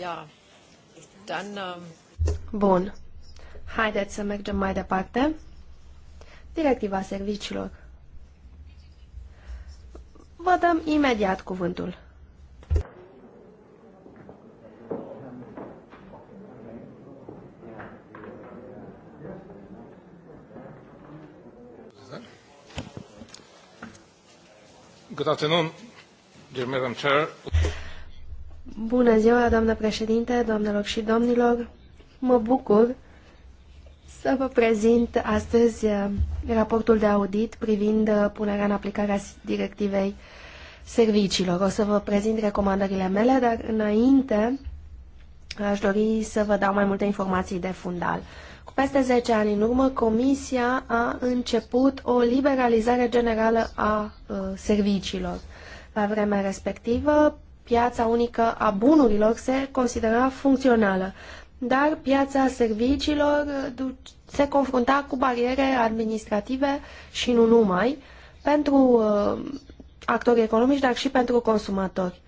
Ähm, Bun. Haideți să mergem mai departe. Directiva serviciilor. Vă dăm imediat cuvântul. Good afternoon, dear Madam Chair. Bună ziua, doamnă președinte, doamnelor și domnilor. Mă bucur să vă prezint astăzi uh, raportul de audit privind uh, punerea în aplicare a directivei serviciilor. O să vă prezint recomandările mele, dar înainte aș dori să vă dau mai multe informații de fundal. Cu peste 10 ani în urmă, Comisia a început o liberalizare generală a uh, serviciilor. La vremea respectivă, piața unică a bunurilor se considera funcțională, dar piața serviciilor se confrunta cu bariere administrative și nu numai pentru uh, actorii economici, dar și pentru consumatori.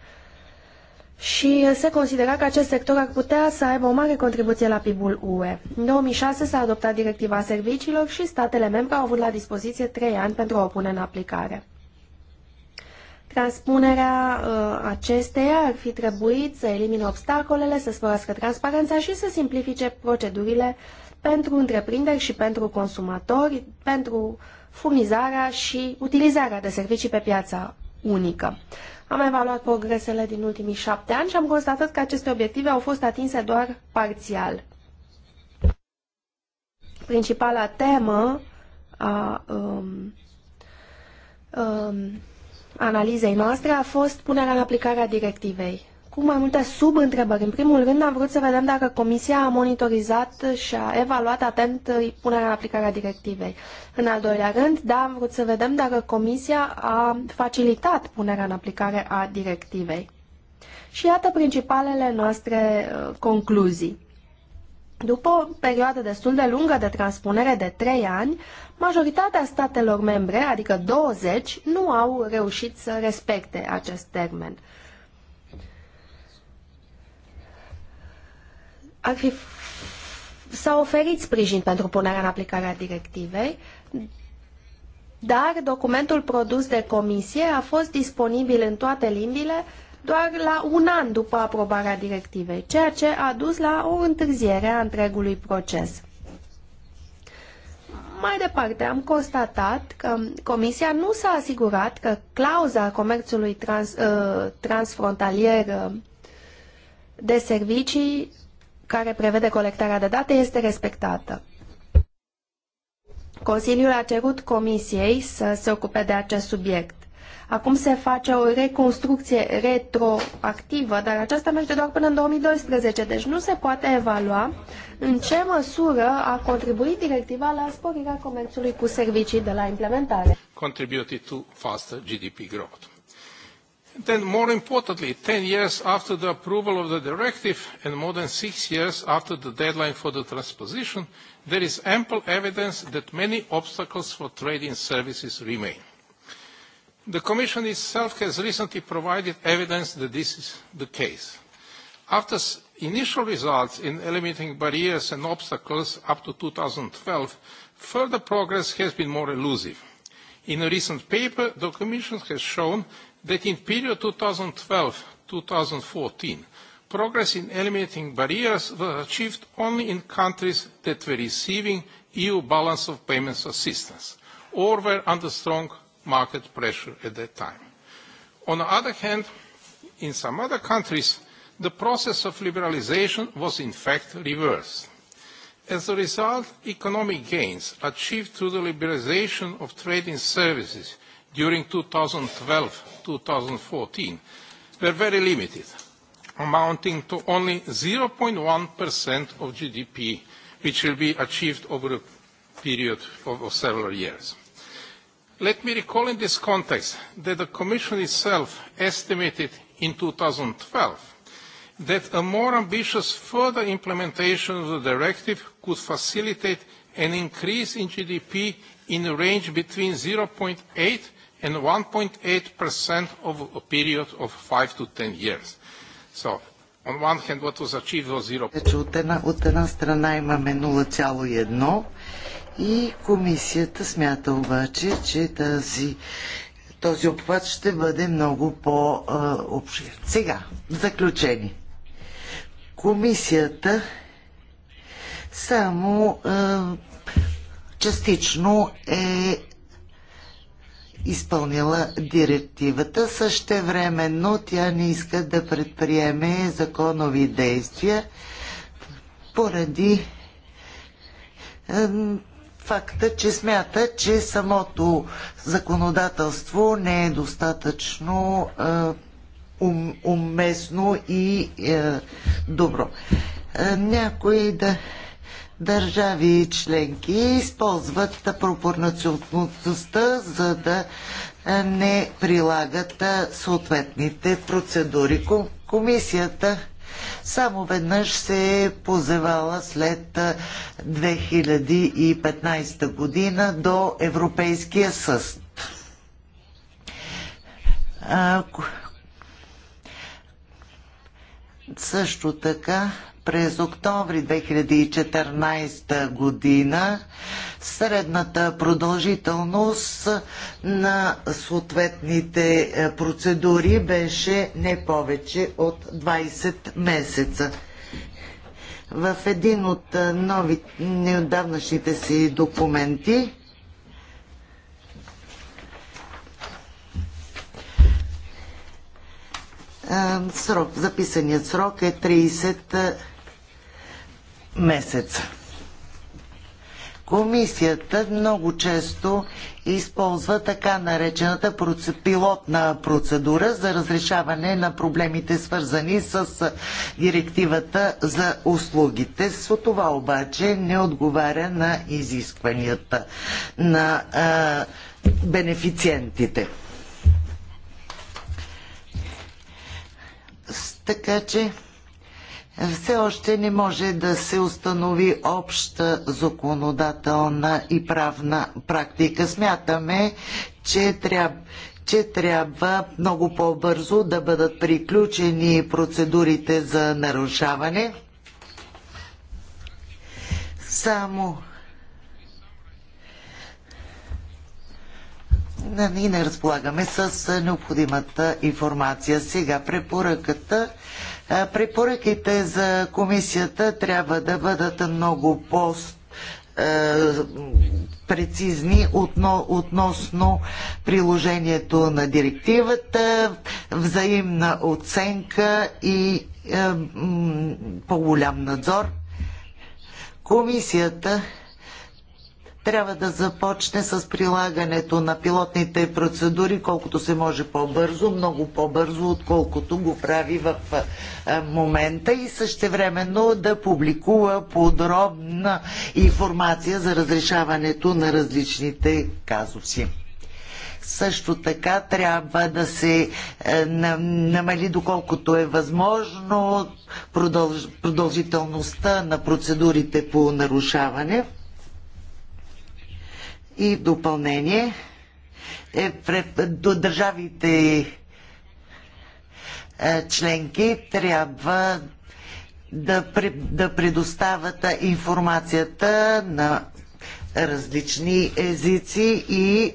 Și se considera că acest sector ar putea să aibă o mare contribuție la PIB-ul UE. În 2006 s-a adoptat directiva serviciilor și statele membre au avut la dispoziție trei ani pentru a o pune în aplicare. Transpunerea uh, acesteia ar fi trebuit să elimine obstacolele, să sporească transparența și să simplifice procedurile pentru întreprinderi și pentru consumatori, pentru furnizarea și utilizarea de servicii pe piața unică. Am evaluat progresele din ultimii șapte ani și am constatat că aceste obiective au fost atinse doar parțial. Principala temă a um, um, analizei noastre a fost punerea în aplicare a directivei cu mai multe subîntrebări. În primul rând am vrut să vedem dacă Comisia a monitorizat și a evaluat atent punerea în aplicare a directivei. În al doilea rând, da, am vrut să vedem dacă Comisia a facilitat punerea în aplicare a directivei. Și iată principalele noastre uh, concluzii. După o perioadă destul de lungă de transpunere de 3 ani, majoritatea statelor membre, adică 20, nu au reușit să respecte acest termen. Ar fi s-a oferit sprijin pentru punerea în aplicare a directivei, dar documentul produs de comisie a fost disponibil în toate limbile doar la un an după aprobarea directivei, ceea ce a dus la o întârziere a întregului proces. Mai departe, am constatat că Comisia nu s-a asigurat că clauza comerțului trans, uh, transfrontalier uh, de servicii care prevede colectarea de date este respectată. Consiliul a cerut Comisiei să se ocupe de acest subiect. Acum se face o reconstrucție retroactivă, dar aceasta merge doar până în 2012, deci nu se poate evalua în ce măsură a contribuit directiva la sporirea comerțului cu servicii de la implementare. Contributed to faster GDP growth. Then, more importantly, 10 years after the approval of the directive and more than six years after the deadline for the transposition, there is ample evidence that many obstacles for trade in services remain. The Commission itself has recently provided evidence that this is the case. After initial results in eliminating barriers and obstacles up to 2012, further progress has been more elusive. In a recent paper, the Commission has shown that in period 2012-2014, progress in eliminating barriers was achieved only in countries that were receiving EU balance of payments assistance or were under strong market pressure at that time. On the other hand, in some other countries, the process of liberalization was in fact reversed. As a result, economic gains achieved through the liberalization of trade in services during 2012-2014 were very limited, amounting to only 0.1% of GDP, which will be achieved over a period of several years. Let me recall in this context that the Commission itself estimated in 2012 that a more ambitious further implementation of the directive could facilitate an increase in GDP in a range between 0.8 and 1.8% of a period of 5 to 10 years. So, on one hand, what was achieved was 0. И комисията смята обаче, че тази, този обхват ще бъде много по-обширен. Сега, в заключение. Комисията само а, частично е изпълнила директивата. Същевременно тя не иска да предприеме законови действия поради факта, че смята, че самото законодателство не е достатъчно е, ум, уместно и е, добро. Е, някои да държави и членки използват пропорционалността, за да не прилагат съответните процедури. Комисията Само веднъж се е позевала след 2015 година до Европейския съд. Също така през октомври 2014 година средната продължителност на съответните процедури беше не повече от 20 месеца. В един от нови, неотдавнашните си документи срок, записаният срок е 30 месец. Комисията много често използва така наречената пилотна процедура за разрешаване на проблемите, свързани с директивата за услугите. С това обаче не отговаря на изискванията на а, бенефициентите. Така че все още не може да се установи обща законодателна и правна практика. Смятаме, че трябва че трябва много по-бързо да бъдат приключени процедурите за нарушаване. Само и не разполагаме с необходимата информация. Сега препоръката Препоръките за комисията трябва да бъдат много по- прецизни относно приложението на директивата, взаимна оценка и по-голям надзор. Комисията трябва да започне с прилагането на пилотните процедури колкото се може по-бързо, много по-бързо, отколкото го прави в момента и същевременно да публикува подробна информация за разрешаването на различните казуси. Също така трябва да се намали доколкото е възможно продължителността на процедурите по нарушаване И допълнение, е, до държавите членки трябва да, да предоставят информацията на различни езици и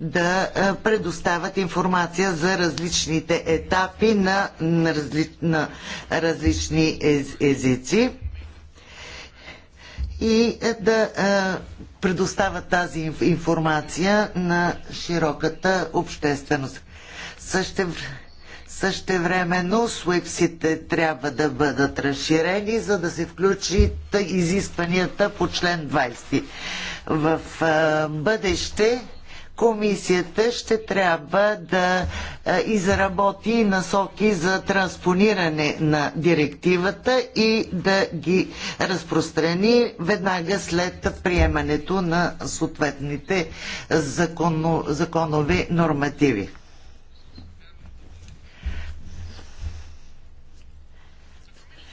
да предоставят информация за различните етапи на, на, разли, на различни ез, езици и да а, предоставят тази информация на широката общественост. Също, същевременно суепсите трябва да бъдат разширени, за да се включат изискванията по член 20. В а, бъдеще комисията ще трябва да изработи насоки за транспониране на директивата и да ги разпространи веднага след приемането на съответните законно, законови нормативи.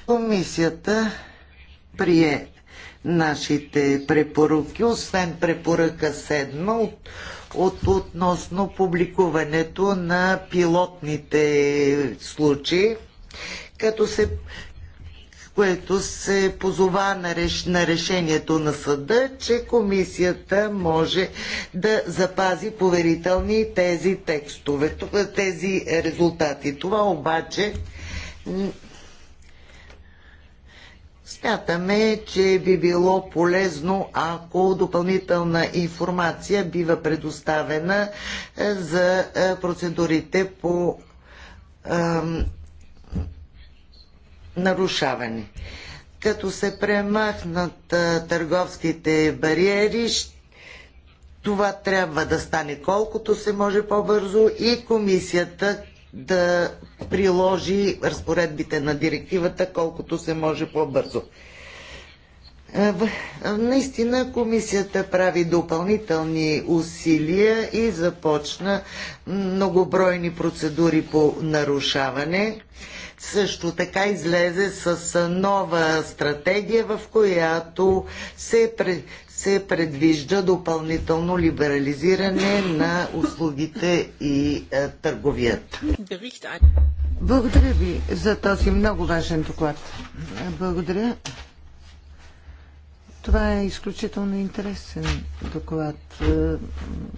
Комисията прие нашите препоръки, освен препоръка 7 от от, относно публикуването на пилотните случаи, като се което се позова на, реш, на решението на съда, че комисията може да запази поверителни тези текстове, тези резултати. Това обаче Смятаме, че би било полезно, ако допълнителна информация бива предоставена за процедурите по ам, нарушаване. Като се премахнат а, търговските бариери, това трябва да стане колкото се може по-бързо и комисията да приложи разпоредбите на директивата колкото се може по-бързо. Наистина комисията прави допълнителни усилия и започна многобройни процедури по нарушаване. Също така излезе с нова стратегия, в която се, се предвижда допълнително либерализиране на услугите и търговията. Благодаря ви за този много важен доклад. Благодаря. Това е изключително интересен доклад.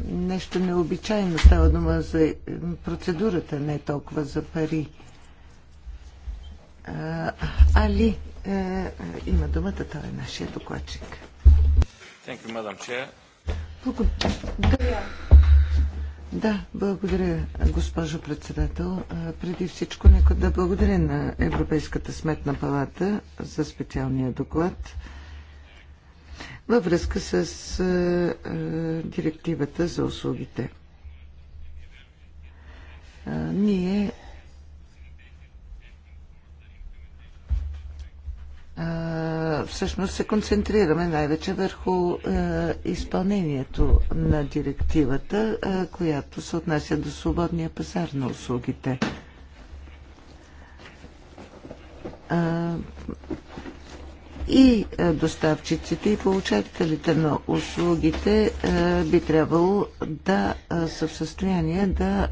Нещо необичайно става дума за процедурата, не толкова за пари. Али има думата, това е нашия докладчик. Thank you, Madam Chair. Благодаря. Да, благодаря, госпожо председател. Преди всичко, нека да благодаря на Европейската сметна палата за специалния доклад във връзка с директивата за услугите. Ние всъщност се концентрираме най-вече върху изпълнението на директивата, която се отнася до свободния пазар на услугите. И доставчиците и получателите на услугите би трябвало да са в състояние да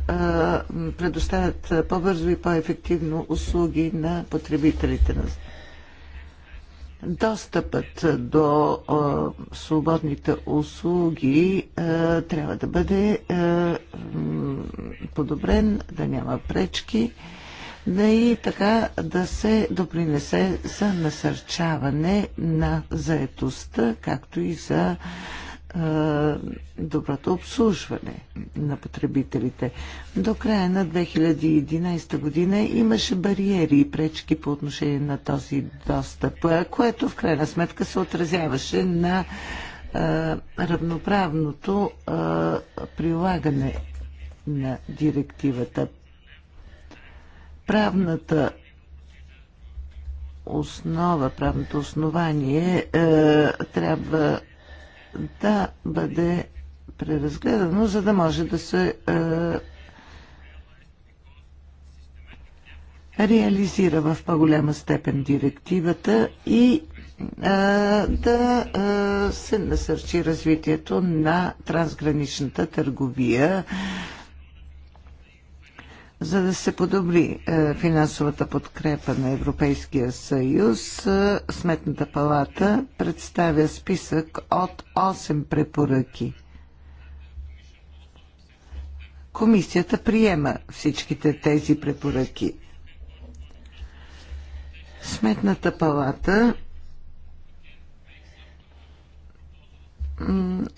предоставят по-бързо и по-ефективно услуги на потребителите на достъпът до а, свободните услуги а, трябва да бъде а, подобрен, да няма пречки, да и така да се допринесе за насърчаване на заетостта, както и за а, доброто обслужване на потребителите. До края на 2011 година имаше бариери и пречки по отношение на този достъп, което в крайна сметка се отразяваше на равноправното прилагане на директивата. Правната основа, правното основание трябва да бъде преразгледано, за да може да се е, реализира в по-голяма степен директивата и е, да е, се насърчи развитието на трансграничната търговия за да се подобри финансовата подкрепа на Европейския съюз, Сметната палата представя списък от 8 препоръки. Комисията приема всичките тези препоръки. Сметната палата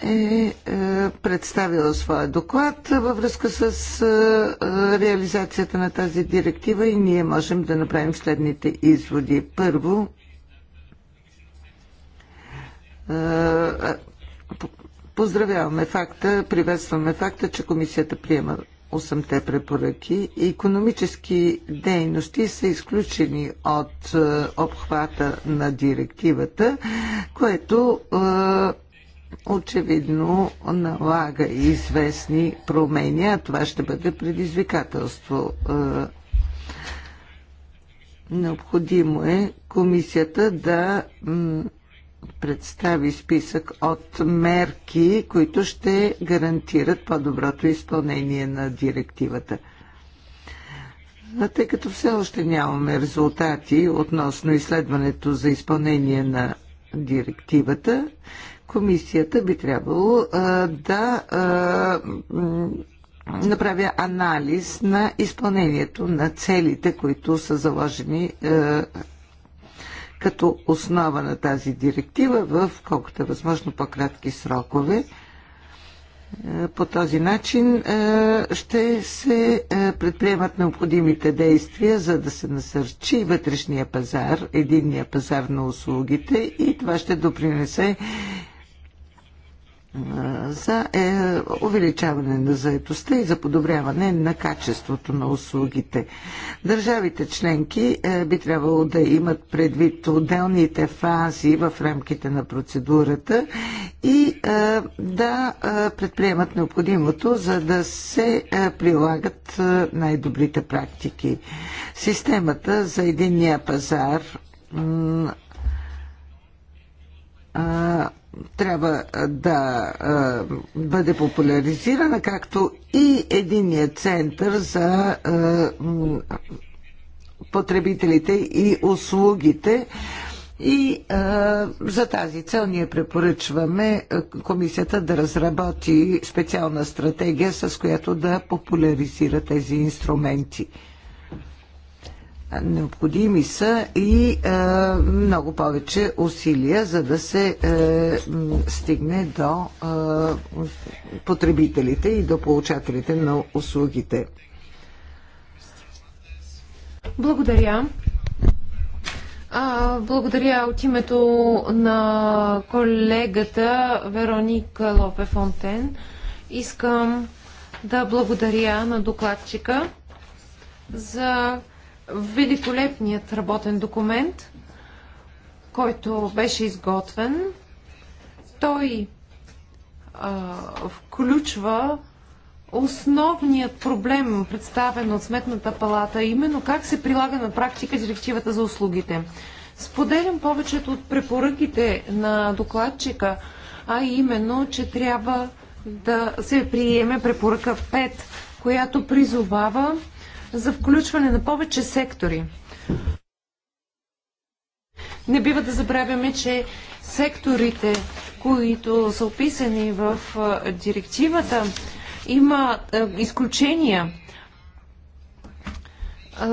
е представила своя доклад във връзка с реализацията на тази директива и ние можем да направим следните изводи. Първо, поздравяваме факта, приветстваме факта, че комисията приема 8-те препоръки. Економически дейности са изключени от обхвата на директивата, което очевидно налага известни промени, а това ще бъде предизвикателство. Необходимо е комисията да представи списък от мерки, които ще гарантират по-доброто изпълнение на директивата. А тъй като все още нямаме резултати относно изследването за изпълнение на директивата, комисията би трябвало да направя анализ на изпълнението на целите, които са заложени като основа на тази директива в колкото е възможно по-кратки срокове. По този начин ще се предприемат необходимите действия, за да се насърчи вътрешния пазар, единния пазар на услугите и това ще допринесе за е, увеличаване на заетостта и за подобряване на качеството на услугите. Държавите членки е, би трябвало да имат предвид отделните фази в рамките на процедурата и е, да е, предприемат необходимото, за да се е, прилагат е, най-добрите практики. Системата за единния пазар е, трябва да а, бъде популяризирана, както и единия център за а, потребителите и услугите. И а, за тази цел ние препоръчваме комисията да разработи специална стратегия, с която да популяризира тези инструменти. Необходими са и е, много повече усилия, за да се е, стигне до е, потребителите и до получателите на услугите. Благодаря. А, благодаря от името на колегата Вероник Лопе Фонтен. Искам да благодаря на докладчика за великолепният работен документ, който беше изготвен. Той а, включва основният проблем, представен от Сметната палата, именно как се прилага на практика директивата за услугите. Споделям повечето от препоръките на докладчика, а именно, че трябва да се приеме препоръка 5, която призовава за включване на повече сектори. Не бива да забравяме, че секторите, които са описани в директивата, има изключения,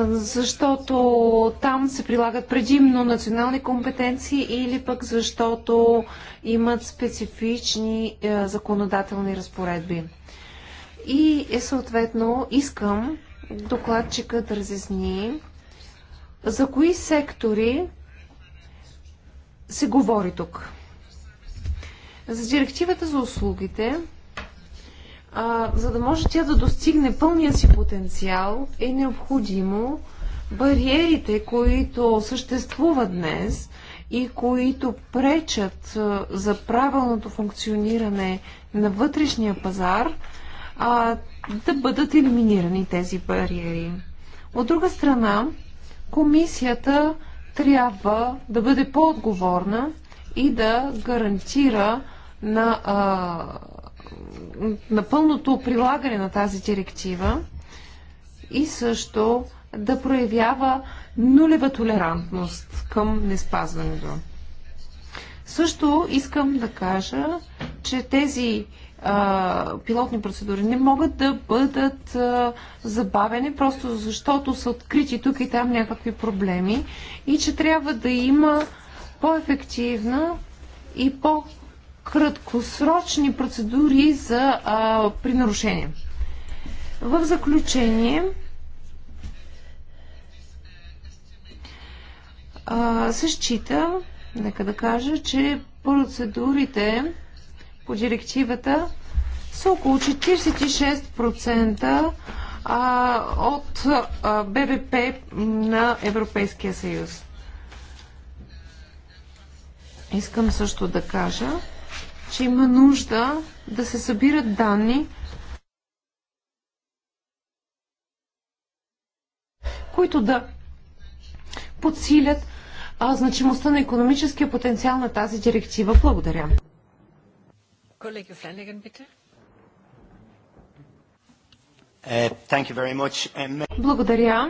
защото там се прилагат предимно национални компетенции или пък защото имат специфични законодателни разпоредби. И съответно искам докладчикът разясни за кои сектори се говори тук. За директивата за услугите, а, за да може тя да достигне пълния си потенциал, е необходимо бариерите, които съществуват днес и които пречат за правилното функциониране на вътрешния пазар, а, да бъдат елиминирани тези бариери. От друга страна, комисията трябва да бъде по-отговорна и да гарантира на, а, на пълното прилагане на тази директива и също да проявява нулева толерантност към неспазването. Също искам да кажа, че тези пилотни процедури не могат да бъдат забавени, просто защото са открити тук и там някакви проблеми и че трябва да има по-ефективна и по-краткосрочни процедури за, а, при нарушение. В заключение, а, се счита, нека да кажа, че процедурите по директивата са около 46% от БВП на Европейския съюз. Искам също да кажа, че има нужда да се събират данни, които да подсилят а, значимостта на економическия потенциал на тази директива. Благодаря. Kollege Flanagan, bitte. Uh, thank you very much. Благодаря.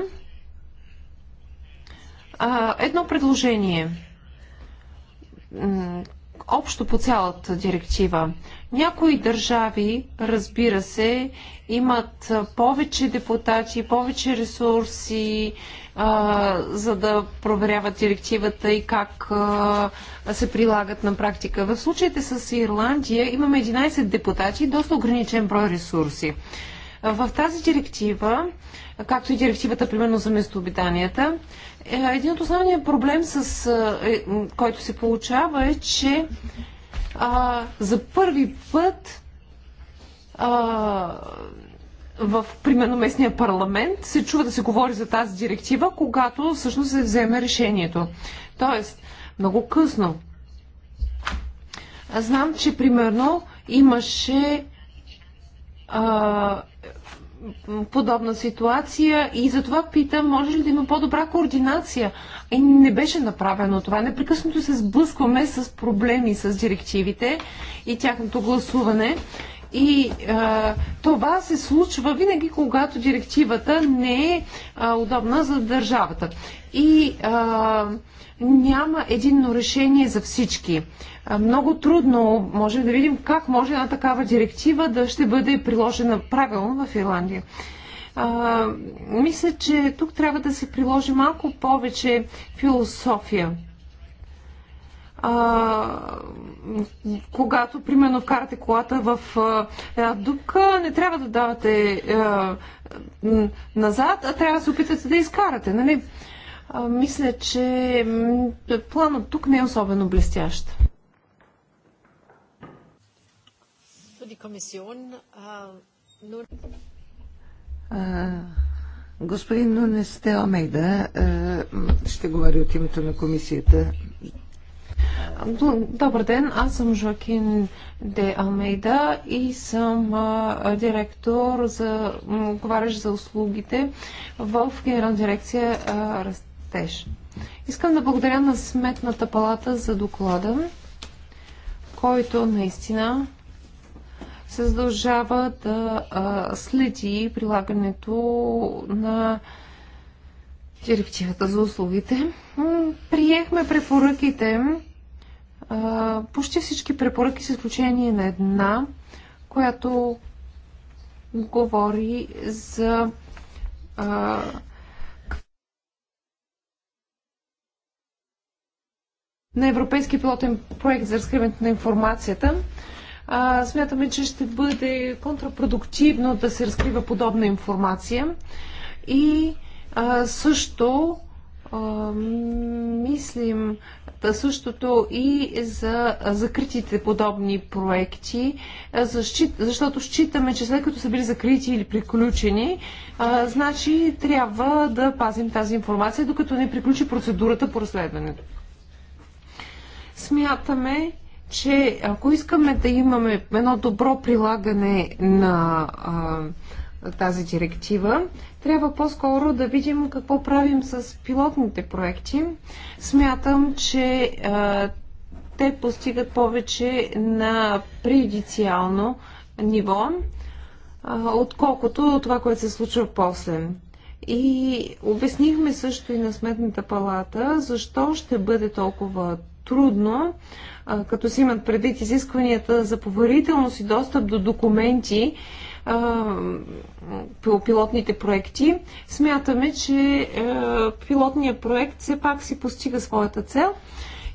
Uh, едно предложение. общо по цялата директива. Някои държави, разбира се, имат повече депутати, повече ресурси, за да проверяват директивата и как се прилагат на практика. В случаите с Ирландия имаме 11 депутати и доста ограничен брой ресурси. В тази директива, както и директивата, примерно за местообитанията, един от основния проблем, с, който се получава е, че а, за първи път а, в, примерно, местния парламент се чува да се говори за тази директива, когато всъщност се вземе решението. Тоест, много късно. Аз знам, че примерно имаше а, подобна ситуация и затова питам, може ли да има по-добра координация? И не беше направено това. Непрекъснато се сблъскваме с проблеми с директивите и тяхното гласуване. И а, това се случва винаги, когато директивата не е а, удобна за държавата. И а, няма единно решение за всички. А, много трудно можем да видим как може една такава директива да ще бъде приложена правилно в Ирландия. А, мисля, че тук трябва да се приложи малко повече философия а, когато, примерно, вкарате колата в една дупка, не трябва да давате а, назад, а трябва да се опитате да изкарате, нали? А, мисля, че планът тук не е особено блестящ. Господин Нунес Теомейда ще говори от името на комисията. Добър ден, аз съм Жоакин Де Алмейда и съм директор за говарящ за услугите в Генерална дирекция Растеж. Искам да благодаря на Сметната палата за доклада, който наистина се задължава да следи прилагането на директивата за услугите. Приехме препоръките почти всички препоръки, с изключение на една, която говори за а, на европейски пилотен проект за разкриването на информацията. А, смятаме, че ще бъде контрапродуктивно да се разкрива подобна информация и а, също мислим същото и за закритите подобни проекти, защото считаме, че след като са били закрити или приключени, значи трябва да пазим тази информация, докато не приключи процедурата по разследването. Смятаме, че ако искаме да имаме едно добро прилагане на тази директива. Трябва по-скоро да видим какво правим с пилотните проекти. Смятам, че а, те постигат повече на преюдициално ниво, а, отколкото това, което се случва после. И обяснихме също и на Сметната палата, защо ще бъде толкова трудно, а, като си имат предвид изискванията за поверителност и достъп до документи, пилотните проекти. Смятаме, че пилотният проект все пак си постига своята цел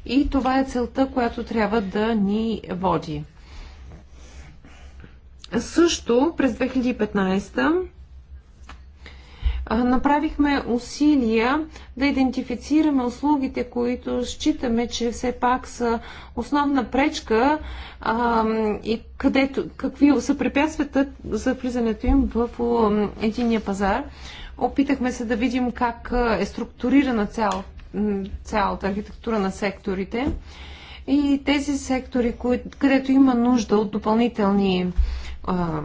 и това е целта, която трябва да ни води. Също през 2015 направихме усилия да идентифицираме услугите, които считаме, че все пак са основна пречка а, и където, какви са препятствията за влизането им в единия пазар. Опитахме се да видим как е структурирана цял, цялата архитектура на секторите и тези сектори, кои, където има нужда от допълнителни а,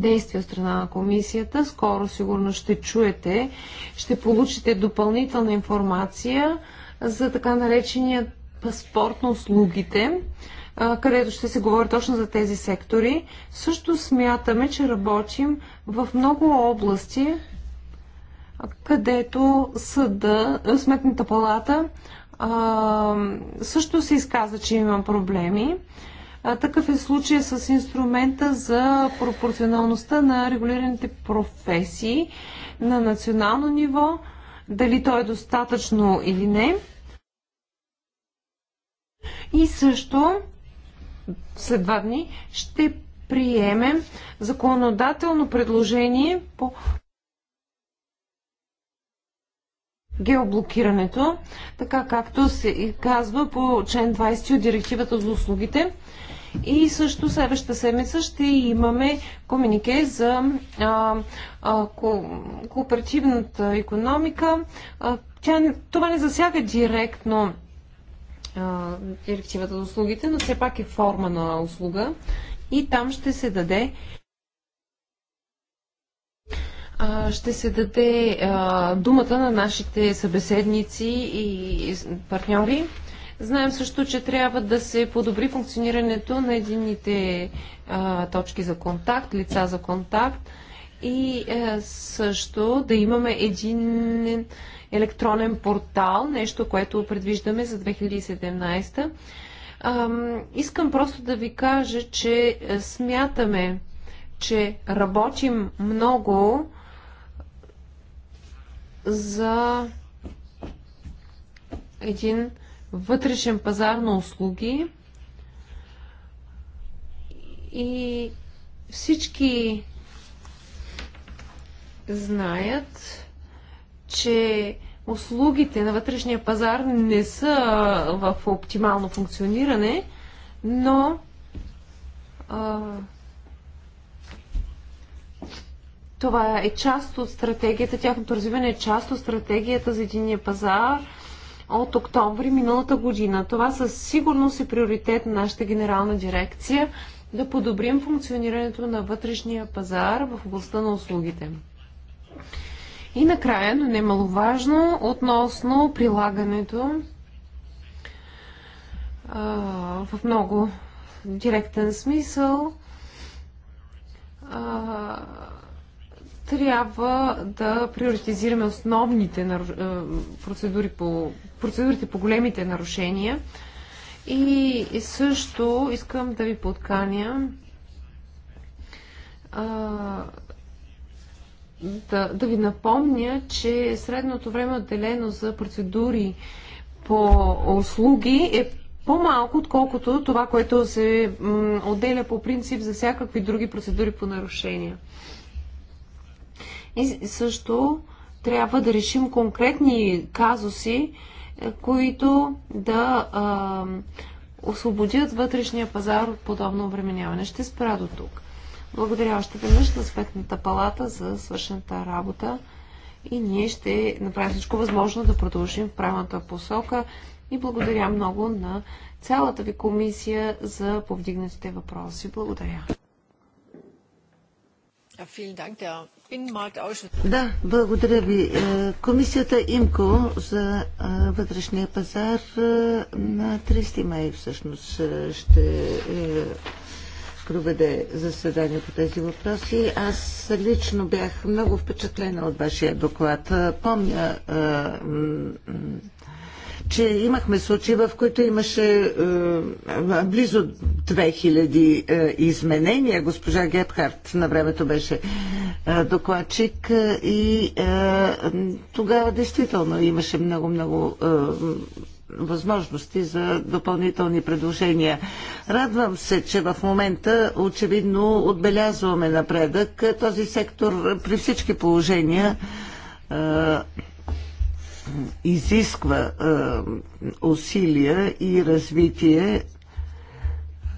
действия от страна на комисията. Скоро сигурно ще чуете, ще получите допълнителна информация за така наречения паспорт на услугите, където ще се говори точно за тези сектори. Също смятаме, че работим в много области, където съда, сметната палата също се изказа, че има проблеми. Такъв е случай с инструмента за пропорционалността на регулираните професии на национално ниво, дали то е достатъчно или не. И също след два дни ще приемем законодателно предложение по геоблокирането, така както се казва по член 20 от директивата за услугите. И също следващата седмица ще имаме комунике за а, а, ко, кооперативната економика. А, тя, това не засяга директно а, директивата за услугите, но все пак е форма на услуга. И там ще се даде ще се даде думата на нашите събеседници и партньори. Знаем също, че трябва да се подобри функционирането на единните точки за контакт, лица за контакт и също да имаме един електронен портал, нещо, което предвиждаме за 2017. Искам просто да ви кажа, че смятаме, че работим много за един вътрешен пазар на услуги и всички знаят, че услугите на вътрешния пазар не са в оптимално функциониране, но а, Това е част от стратегията, тяхното развиване е част от стратегията за единния пазар от октомври миналата година. Това със сигурност е приоритет на нашата генерална дирекция да подобрим функционирането на вътрешния пазар в областта на услугите. И накрая, но немаловажно, относно прилагането а, в много директен смисъл, а, трябва да приоритизираме основните процедури по... процедурите по големите нарушения. И също искам да ви подканя а, да, да ви напомня, че средното време отделено за процедури по услуги е по-малко, отколкото това, което се отделя по принцип за всякакви други процедури по нарушения. И също трябва да решим конкретни казуси, които да а, освободят вътрешния пазар от подобно обременяване. Ще спра до тук. Благодаря още веднъж на Сметната палата за свършената работа и ние ще направим всичко възможно да продължим в правилната посока и благодаря много на цялата ви комисия за повдигнатите въпроси. Благодаря. Да, благодаря ви. Комисията ИМКО за вътрешния пазар на 30 май всъщност ще проведе заседание по тези въпроси. Аз лично бях много впечатлена от вашия доклад. Помня че имахме случаи, в които имаше е, близо 2000 е, изменения. Госпожа Гепхарт на времето беше е, докладчик и е, тогава действително имаше много-много е, възможности за допълнителни предложения. Радвам се, че в момента очевидно отбелязваме напредък. Този сектор при всички положения е, изисква усилия и развитие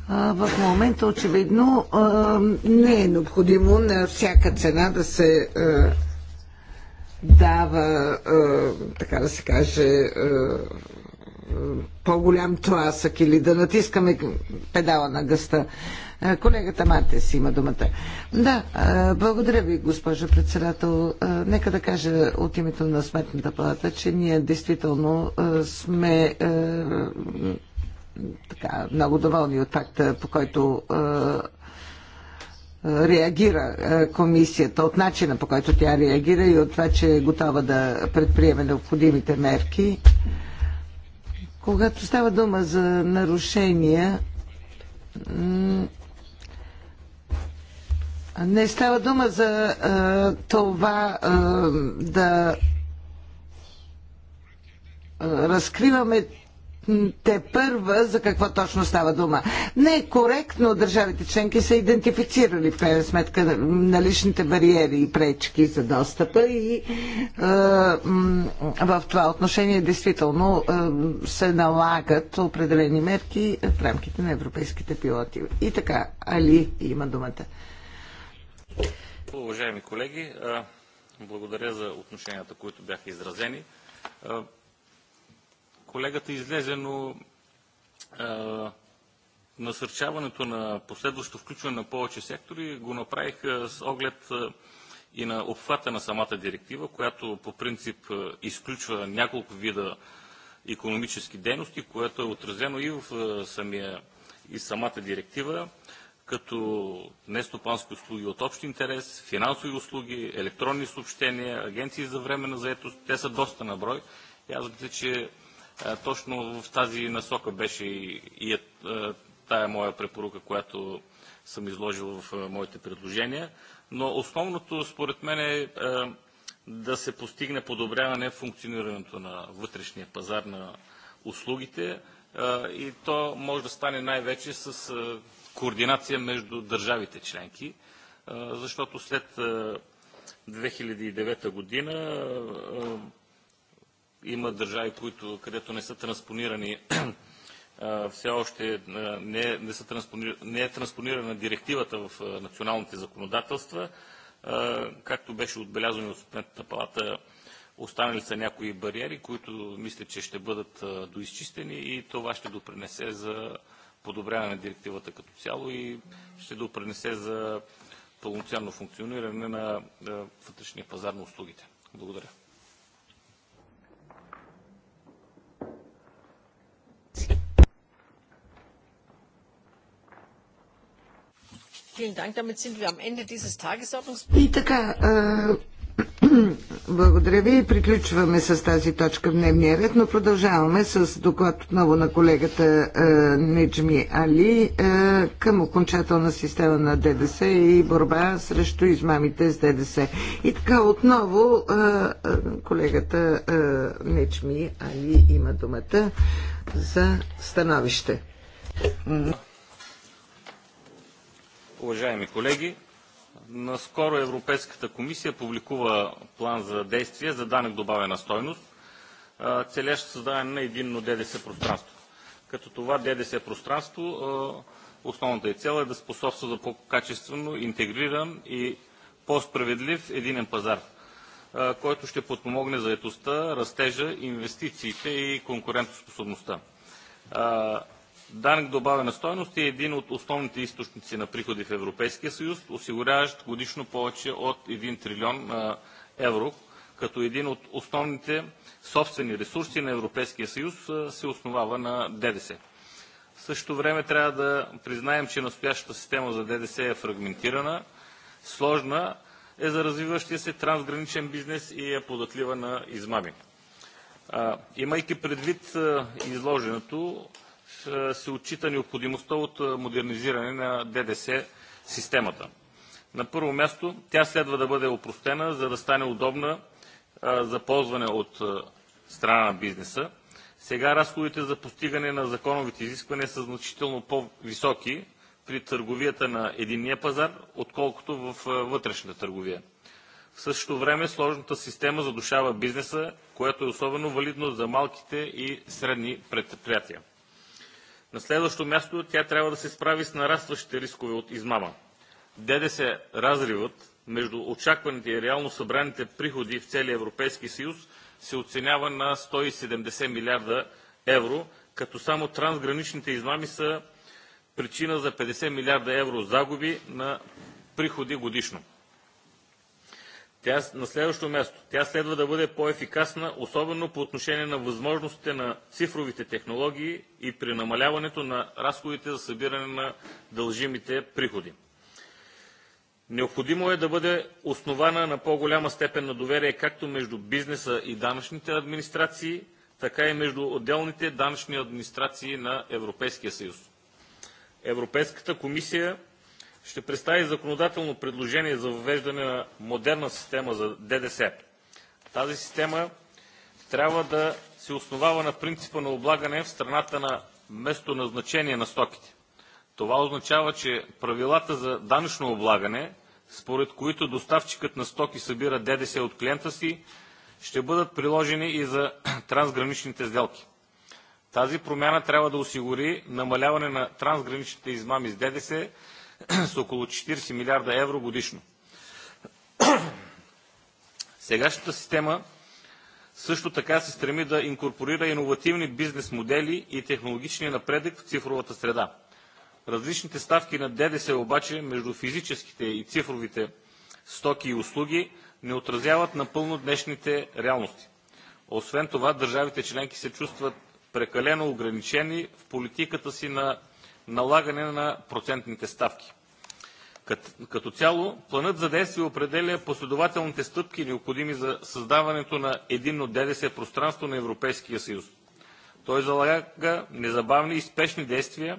в момента очевидно не е необходимо на всяка цена да се дава, така да се каже, по-голям тласък или да натискаме педала на гъста. Колегата Марте си има думата. Да, благодаря ви, госпожо председател. Нека да кажа от името на Сметната палата, че ние действително сме така, много доволни от факта, по който реагира комисията, от начина по който тя реагира и от това, че е готова да предприеме необходимите мерки. Когато става дума за нарушения, не става дума за а, това а, да а, разкриваме те първа за какво точно става дума. Не е коректно държавите членки са идентифицирали в крайна сметка наличните бариери и пречки за достъпа и е, в това отношение действително е, се налагат определени мерки в рамките на европейските пилоти. И така, Али има думата. Уважаеми колеги, благодаря за отношенията, които бяха изразени колегата излезе, но а, насърчаването на последващо включване на повече сектори го направих с оглед и на обхвата на самата директива, която по принцип изключва няколко вида економически дейности, което е отразено и в самия, и самата директива, като нестопански услуги от общ интерес, финансови услуги, електронни съобщения, агенции за време на заетост. Те са доста на брой. И аз мисля, че Точно в тази насока беше и тая моя препоръка, която съм изложил в моите предложения. Но основното според мен е да се постигне подобряване функционирането на вътрешния пазар на услугите и то може да стане най-вече с координация между държавите членки, защото след 2009 година има държави, които, където не са транспонирани все още не, не, са транспонир... не е транспонирана директивата в националните законодателства. Както беше отбелязано от Сметната палата, останали са някои бариери, които мисля, че ще бъдат доизчистени и това ще допринесе за подобряване на директивата като цяло и ще допринесе за пълноценно функциониране на вътрешния пазар на услугите. Благодаря. И така, благодаря ви. Приключваме с тази точка в дневния ред, но продължаваме с доклад отново на колегата Неджми Али към окончателна система на ДДС и борба срещу измамите с ДДС. И така отново колегата Неджми Али има думата за становище. Уважаеми колеги, наскоро Европейската комисия публикува план за действие за данък добавена стойност, целящ създаване на единно ДДС пространство. Като това ДДС пространство, основната и цел е да способства за по-качествено, интегриран и по-справедлив единен пазар, който ще подпомогне заетостта, растежа, инвестициите и конкурентоспособността. Данък добавена стойност е един от основните източници на приходи в Европейския съюз, осигуряващ годишно повече от 1 трилион евро, като един от основните собствени ресурси на Европейския съюз се основава на ДДС. В същото време трябва да признаем, че настоящата система за ДДС е фрагментирана, сложна, е за развиващия се трансграничен бизнес и е податлива на измами. Имайки предвид изложеното, се отчита необходимостта от модернизиране на ДДС системата. На първо място, тя следва да бъде опростена, за да стане удобна за ползване от страна на бизнеса. Сега разходите за постигане на законовите изисквания са значително по-високи при търговията на единния пазар, отколкото в вътрешната търговия. В същото време сложната система задушава бизнеса, което е особено валидно за малките и средни предприятия. На следващо място тя трябва да се справи с нарастващите рискове от измама. ДДС разривът между очакваните и реално събраните приходи в целия Европейски съюз се оценява на 170 милиарда евро, като само трансграничните измами са причина за 50 милиарда евро загуби на приходи годишно. Тя, на следващо място, тя следва да бъде по-ефикасна, особено по отношение на възможностите на цифровите технологии и при намаляването на разходите за събиране на дължимите приходи. Необходимо е да бъде основана на по-голяма степен на доверие както между бизнеса и данъчните администрации, така и между отделните данъчни администрации на Европейския съюз. Европейската комисия ще представи законодателно предложение за въвеждане на модерна система за ДДС. Тази система трябва да се основава на принципа на облагане в страната на место назначение на стоките. Това означава, че правилата за данъчно облагане, според които доставчикът на стоки събира ДДС от клиента си, ще бъдат приложени и за трансграничните сделки. Тази промяна трябва да осигури намаляване на трансграничните измами с ДДС с около 40 милиарда евро годишно. Сегашната система също така се стреми да инкорпорира иновативни бизнес модели и технологичния напредък в цифровата среда. Различните ставки на ДДС обаче между физическите и цифровите стоки и услуги не отразяват напълно днешните реалности. Освен това, държавите членки се чувстват прекалено ограничени в политиката си на налагане на процентните ставки. Като цяло, планът за действие определя последователните стъпки, необходими за създаването на единно ДДС пространство на Европейския съюз. Той залага незабавни и спешни действия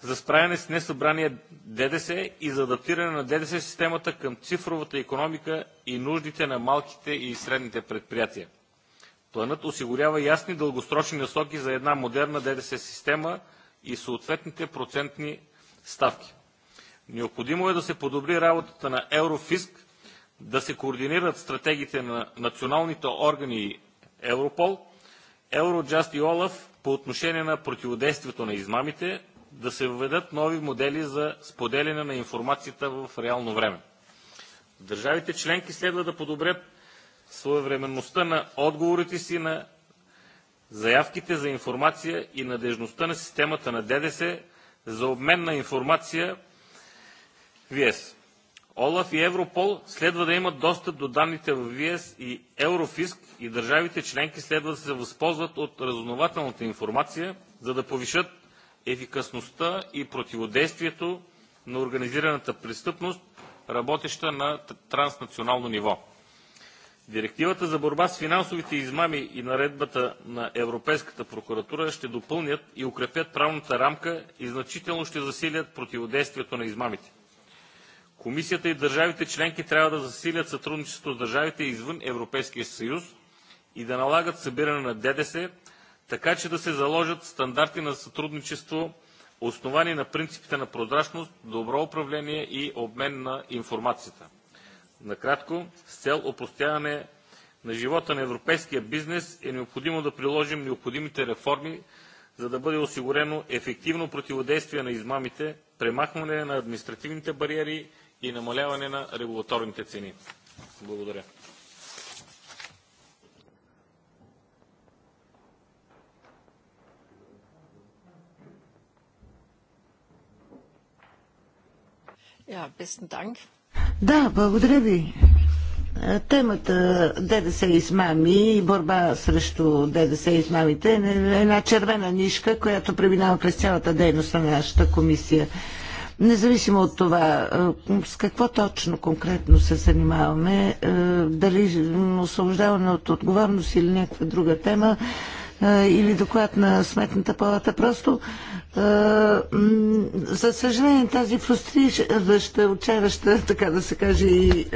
за справяне с несъбрания ДДС и за адаптиране на ДДС системата към цифровата економика и нуждите на малките и средните предприятия. Планът осигурява ясни дългосрочни насоки за една модерна ДДС система – и съответните процентни ставки. Необходимо е да се подобри работата на Еврофиск, да се координират стратегиите на националните органи Европол, Евроджаст и Олаф по отношение на противодействието на измамите, да се въведат нови модели за споделяне на информацията в реално време. Държавите членки следва да подобрят своевременността на отговорите си на заявките за информация и надежността на системата на ДДС за обмен на информация ВИЕС. ОЛАФ и Европол следва да имат достъп до данните в ВИЕС и Еврофиск и държавите членки следва да се възползват от разнователната информация, за да повишат ефикасността и противодействието на организираната престъпност, работеща на транснационално ниво. Директивата за борба с финансовите измами и наредбата на Европейската прокуратура ще допълнят и укрепят правната рамка и значително ще засилят противодействието на измамите. Комисията и държавите членки трябва да засилят сътрудничеството с държавите извън Европейския съюз и да налагат събиране на ДДС, така че да се заложат стандарти на сътрудничество, основани на принципите на прозрачност, добро управление и обмен на информацията. Накратко, с цел опростяване на живота на европейския бизнес е необходимо да приложим необходимите реформи, за да бъде осигурено ефективно противодействие на измамите, премахване на административните бариери и намаляване на регулаторните цени. Благодаря. Ja, besten Dank. Да, благодаря ви. Темата ДДС измами и борба срещу ДДС измамите е една червена нишка, която преминава през цялата дейност на нашата комисия. Независимо от това, с какво точно конкретно се занимаваме, дали освобождаване от отговорност или някаква друга тема, или доклад на Сметната палата. Просто, за съжаление, тази фрустрираща, отчаяваща, така да се каже, и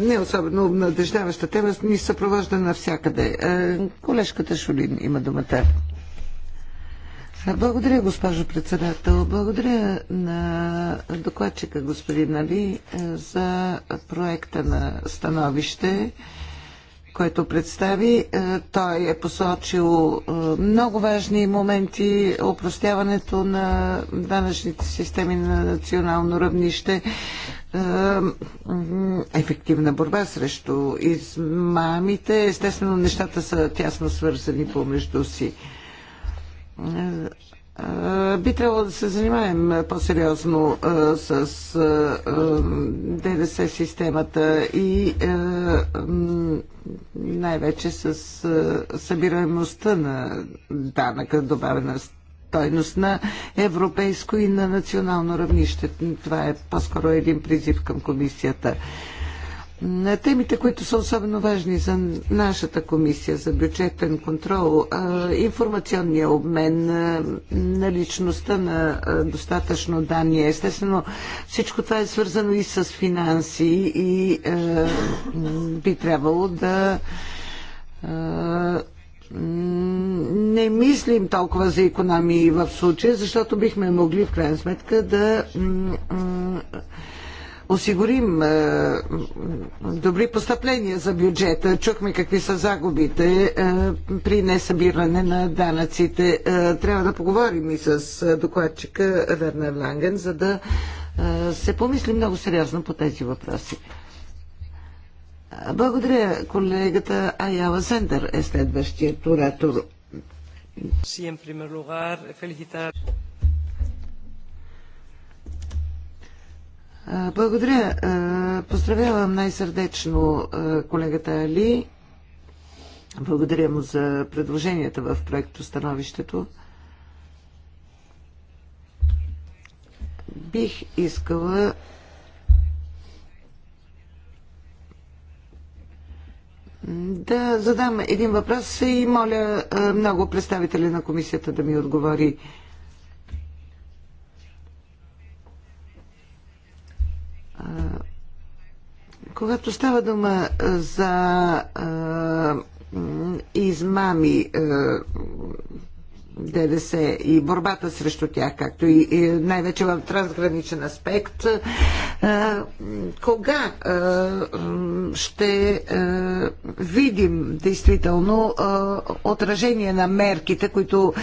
не особено обнадеждаваща тема ни съпровожда навсякъде. Колежката Шулин има думата. Благодаря, госпожо председател. Благодаря на докладчика господин Али за проекта на становище което представи. Той е посочил много важни моменти, опростяването на данъчните системи на национално равнище, ефективна борба срещу измамите. Естествено, нещата са тясно свързани помежду си би трябвало да се занимаем по-сериозно с ДДС системата и най-вече с събираемостта на данъка добавена стойност на европейско и на национално равнище. Това е по-скоро един призив към комисията. На темите, които са особено важни за нашата комисия за бюджетен контрол, информационния обмен, наличността на достатъчно данни, естествено всичко това е свързано и с финанси и би трябвало да не мислим толкова за економии в случая, защото бихме могли в крайна сметка да осигурим добри постъпления за бюджета. Чухме какви са загубите при несъбиране на данъците. Трябва да поговорим и с докладчика Вернер Ланген, за да се помисли много сериозно по тези въпроси. Благодаря. Колегата Аява Сендър е следващият оратор. Sí, en primer lugar, felicitar Благодаря. Поздравявам най-сърдечно колегата Али. Благодаря му за предложенията в проекто становището. Бих искала да задам един въпрос и моля много представители на комисията да ми отговори Когато става дума за измами, ДДС и борбата срещу тях, както и, най-вече в трансграничен аспект. Кога ще видим действително отражение на мерките, които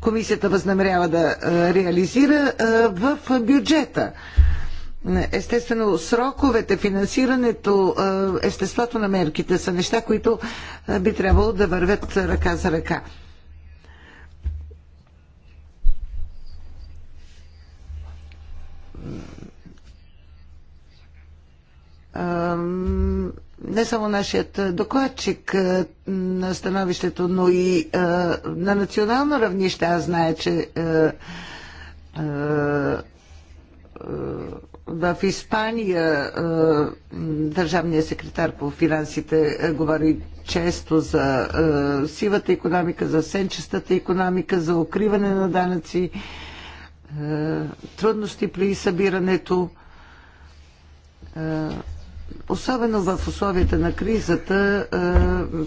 комисията възнамерява да реализира в бюджета? Естествено, сроковете, финансирането, естеството на мерките са неща, които би трябвало да вървят ръка за ръка. не само нашият докладчик на становището, но и на национално равнище. Аз знае, че в Испания държавният секретар по финансите говори често за сивата економика, за сенчестата економика, за укриване на данъци, трудности при събирането. Особено в условията на кризата,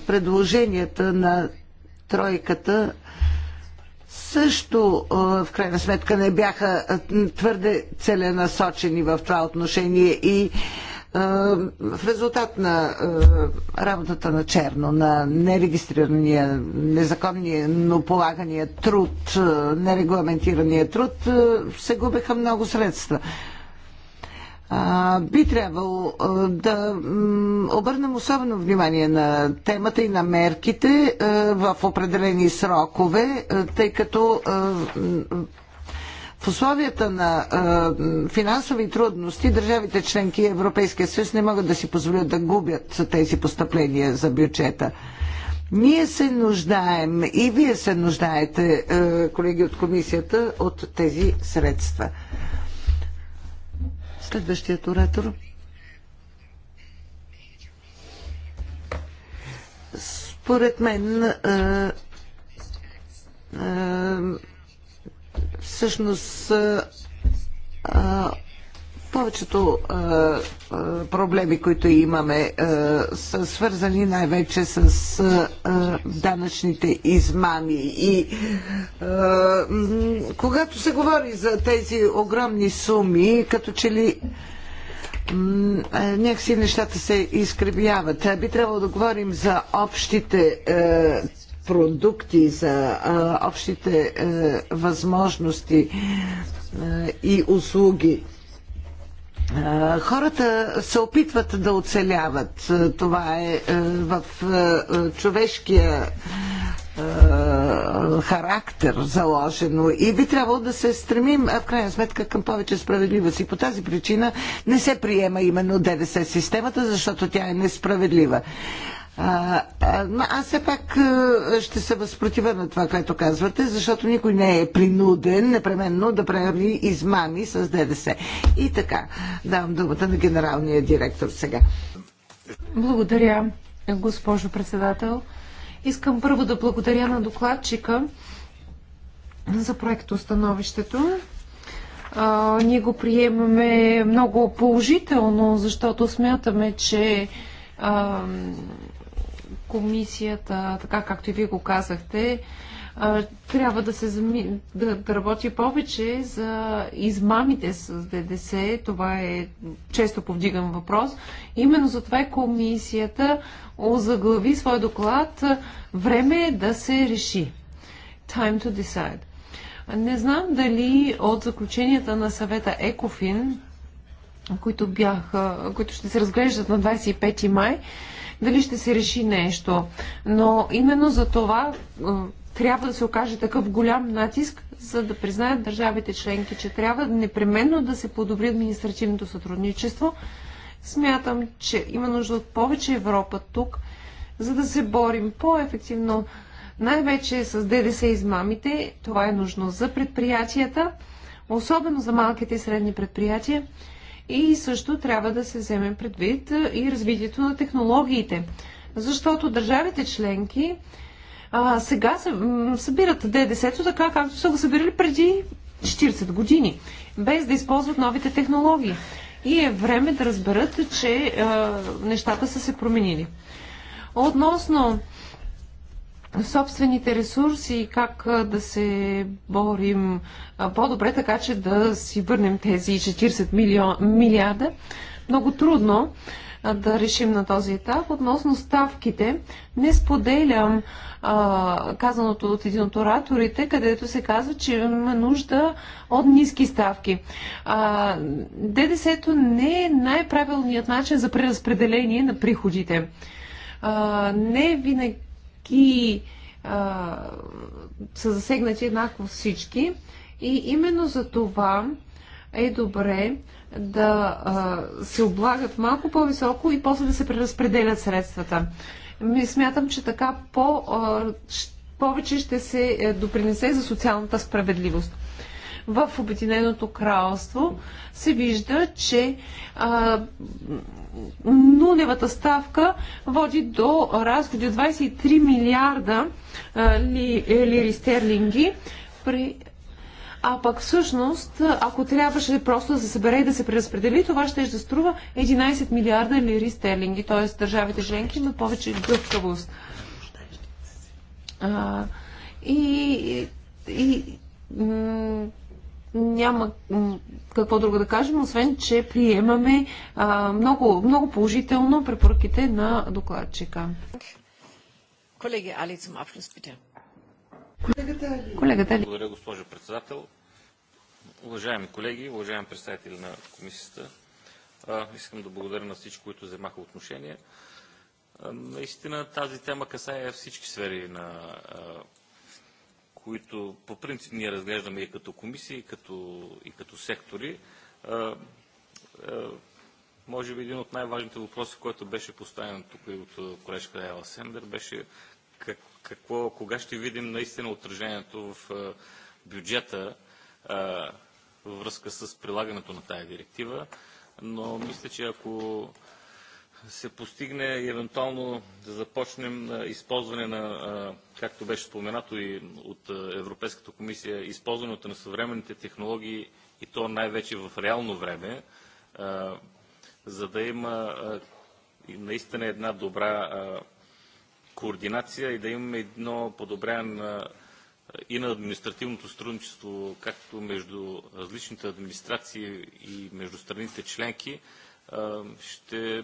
предложенията на тройката също в крайна сметка не бяха твърде целенасочени в това отношение и в резултат на работата на черно, на нерегистрирания, незаконния, но полагания труд, нерегламентирания труд, се губеха много средства би трябвало да обърнем особено внимание на темата и на мерките в определени срокове, тъй като в условията на финансови трудности държавите членки и Европейския съюз не могат да си позволят да губят тези постъпления за бюджета. Ние се нуждаем и вие се нуждаете, колеги от комисията, от тези средства. Следващият оратор. Според мен а, а, всъщност а, Повечето е, проблеми, които имаме, е, са свързани най-вече с е, данъчните измами. И е, когато се говори за тези огромни суми, като че ли някакси нещата се изкривяват. Би трябвало да говорим за общите е, продукти, за е, общите е, възможности и услуги. Хората се опитват да оцеляват. Това е в човешкия характер заложено и би трябвало да се стремим в крайна сметка към повече справедливост и по тази причина не се приема именно ДДС системата, защото тя е несправедлива. А, а, все пак ще се възпротива на това, което казвате, защото никой не е принуден непременно да прави измами с ДДС. И така, давам думата на генералния директор сега. Благодаря, госпожо председател. Искам първо да благодаря на докладчика за проектостановището. А, ние го приемаме много положително, защото смятаме, че а, комисията, така както и вие го казахте, трябва да се зами... да, да работи повече за измамите с ДДС. Това е често повдиган въпрос. Именно затова и комисията озаглави свой доклад Време е да се реши. Time to decide. Не знам дали от заключенията на съвета ЕКОФИН, които, бяха, които ще се разглеждат на 25 май, дали ще се реши нещо. Но именно за това трябва да се окаже такъв голям натиск, за да признаят държавите членки, че трябва непременно да се подобри административното сътрудничество. Смятам, че има нужда от повече Европа тук, за да се борим по-ефективно най-вече с ДДС измамите. Това е нужно за предприятията, особено за малките и средни предприятия. И също трябва да се вземе предвид и развитието на технологиите. Защото държавите членки а, сега събират ДДС-то така, както са го събирали преди 40 години, без да използват новите технологии. И е време да разберат, че а, нещата са се променили. Относно собствените ресурси и как да се борим по-добре, така че да си върнем тези 40 милион, милиарда. Много трудно да решим на този етап. Относно ставките, не споделям а, казаното от един от ораторите, където се казва, че имаме нужда от ниски ставки. А, ДДС-то не е най-правилният начин за преразпределение на приходите. А, не винаги всички а, са засегнати еднакво всички. И именно за това е добре да а, се облагат малко по-високо и после да се преразпределят средствата. Ми Смятам, че така по, а, повече ще се допринесе за социалната справедливост в Обединеното кралство, се вижда, че а, нулевата ставка води до разходи от 23 милиарда а, ли, лири стерлинги. При... А пък всъщност, ако трябваше просто да се събере и да се преразпредели, това ще ще струва 11 милиарда лири стерлинги, т.е. държавите женки имат повече гъвкавост. А, и, и, и няма какво друго да кажем, освен, че приемаме а, много, много положително препоръките на докладчика. Колеги Али, съм Абшлюс, питам. Колегата Али. Колегата Али. Благодаря, госпожо председател. Уважаеми колеги, уважаеми представители на комисията, а, искам да благодаря на всички, които вземаха отношение. А, наистина тази тема касае всички сфери на а, които по принцип ние разглеждаме и като комисии, и като, и като сектори. А, а, може би един от най-важните въпроси, който беше поставен тук и от колежка Ела Сендер, беше как, какво, кога ще видим наистина отражението в а, бюджета във връзка с прилагането на тая директива. Но мисля, че ако се постигне и евентуално да започнем използване на, както беше споменато и от Европейската комисия, използването на съвременните технологии и то най-вече в реално време, за да има наистина една добра координация и да имаме едно подобряване на и на административното сътрудничество, както между различните администрации и между страните членки, ще,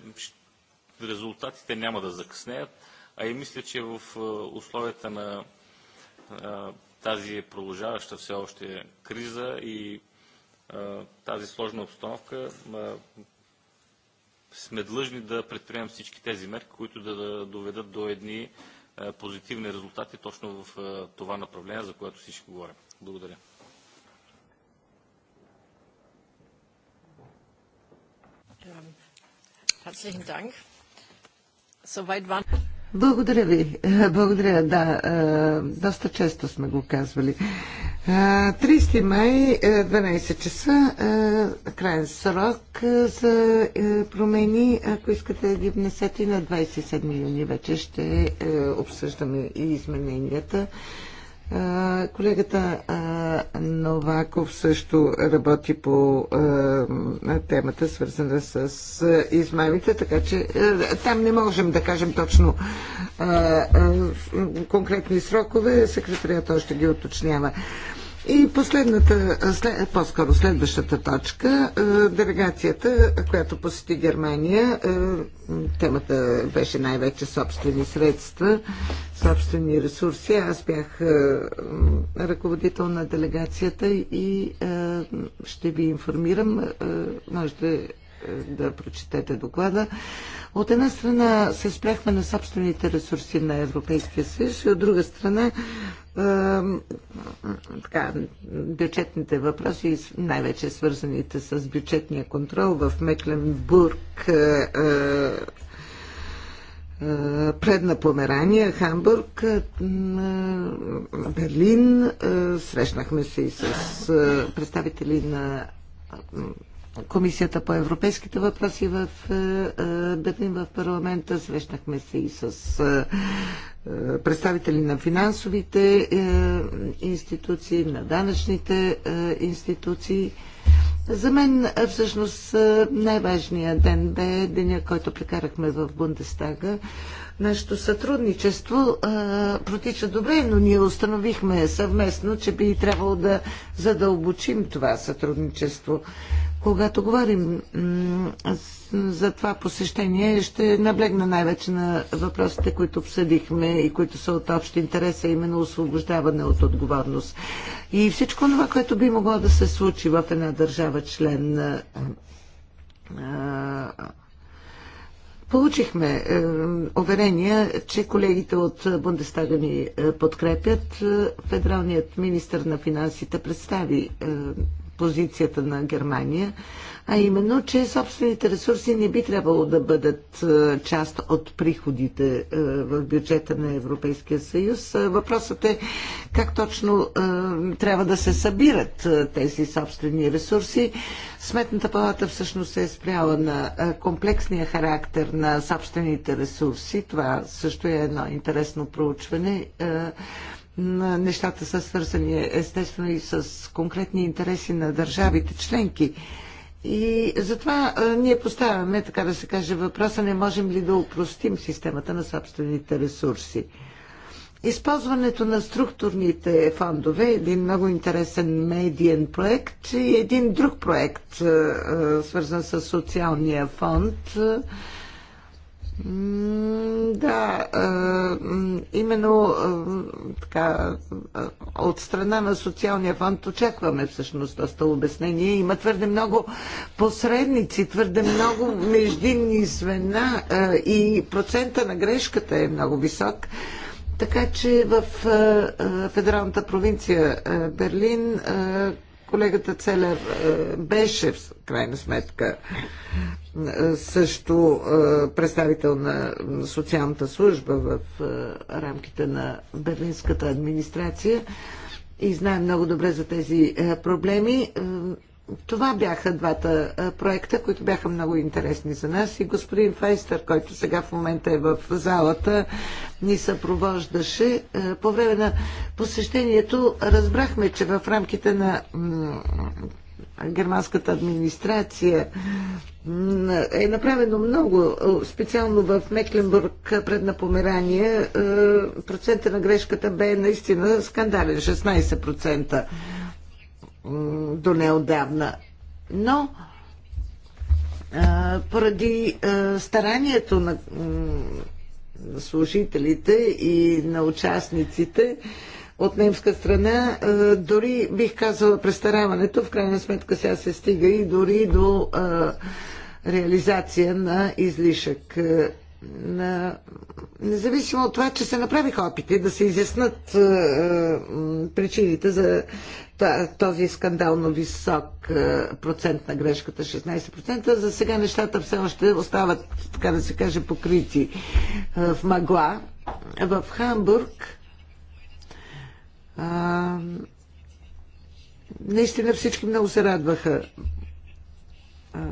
резултатите няма да закъснеят, а и мисля, че в условията на тази продължаваща все още криза и тази сложна обстановка сме длъжни да предприемем всички тези мерки, които да доведат до едни позитивни резултати точно в това направление, за което всички говорим. Благодаря. Herzlichen Dank. Благодаря ви. Благодаря, да. Доста често сме го казвали. 30 май, 12 часа, крайен срок за промени. Ако искате да ги внесете на 27 юни вече ще обсъждаме и измененията. Колегата Новаков също работи по темата, свързана с измамите, така че там не можем да кажем точно конкретни срокове. Секретарият още ги уточнява. И последната, след, по-скоро следващата точка, делегацията, която посети Германия, темата беше най-вече собствени средства, собствени ресурси. Аз бях ръководител на делегацията и ще ви информирам, можете да прочетете доклада. От една страна се спряхме на собствените ресурси на Европейския съюз и от друга страна така, бюджетните въпроси, най-вече свързаните с бюджетния контрол в Мекленбург, Предна Померания, Хамбург, Берлин. Срещнахме се и с представители на Комисията по европейските въпроси в Берлин, в парламента. Срещнахме се и с представители на финансовите институции, на данъчните институции. За мен всъщност най-важният ден бе деня, който прекарахме в Бундестага. Нашето сътрудничество протича добре, но ние установихме съвместно, че би трябвало да задълбочим това сътрудничество. Когато говорим за това посещение, ще наблегна най-вече на въпросите, които обсъдихме и които са от общ интерес, а именно освобождаване от отговорност. И всичко това, което би могло да се случи в една държава член. А, Получихме е, уверения, че колегите от Бундестага ни подкрепят. Федералният министр на финансите представи е, позицията на Германия, а именно, че собствените ресурси не би трябвало да бъдат част от приходите в бюджета на Европейския съюз. Въпросът е как точно трябва да се събират тези собствени ресурси. Сметната палата всъщност се е спряла на комплексния характер на собствените ресурси. Това също е едно интересно проучване нещата са свързани естествено и с конкретни интереси на държавите членки. И затова а, ние поставяме, така да се каже, въпроса не можем ли да упростим системата на собствените ресурси. Използването на структурните фондове е един много интересен медиен проект и един друг проект, свързан с социалния фонд. Да, именно така, от страна на социалния фонд очакваме всъщност доста обяснение. Има твърде много посредници, твърде много междинни звена и процента на грешката е много висок. Така че в федералната провинция Берлин колегата Целер беше в крайна сметка също представител на социалната служба в рамките на берлинската администрация и знае много добре за тези проблеми това бяха двата проекта, които бяха много интересни за нас и господин Файстър, който сега в момента е в залата, ни съпровождаше. По време на посещението разбрахме, че в рамките на германската администрация е направено много, специално в Мекленбург пред напомерание. Процента на грешката бе наистина скандален, 16% до неодавна. Но поради старанието на служителите и на участниците от немска страна, дори бих казала престараването, в крайна сметка сега се стига и дори до реализация на излишък. На... Независимо от това, че се направиха опити да се изяснат причините за този скандално висок процент на грешката 16%. За сега нещата все още остават, така да се каже, покрити в магла. В Хамбург а, наистина всички много се радваха, а,